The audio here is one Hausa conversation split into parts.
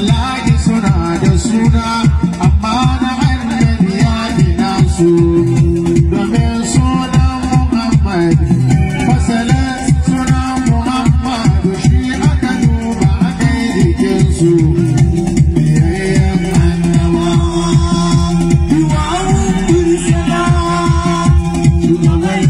Allahi suna da suna amma na annabi ya gina su domin sunan Muhammad fasalin sunan Muhammad shi aka duba a kai jikin su biyayyen annabawa. You are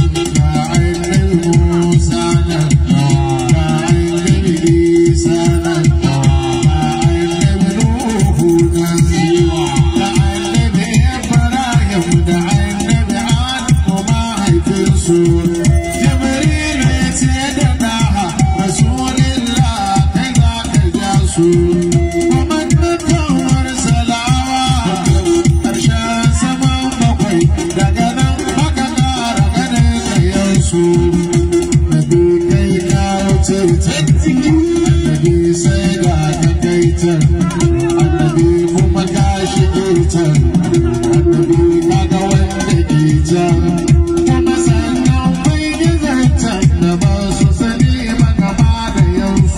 Thank ah, ah, you. Ah,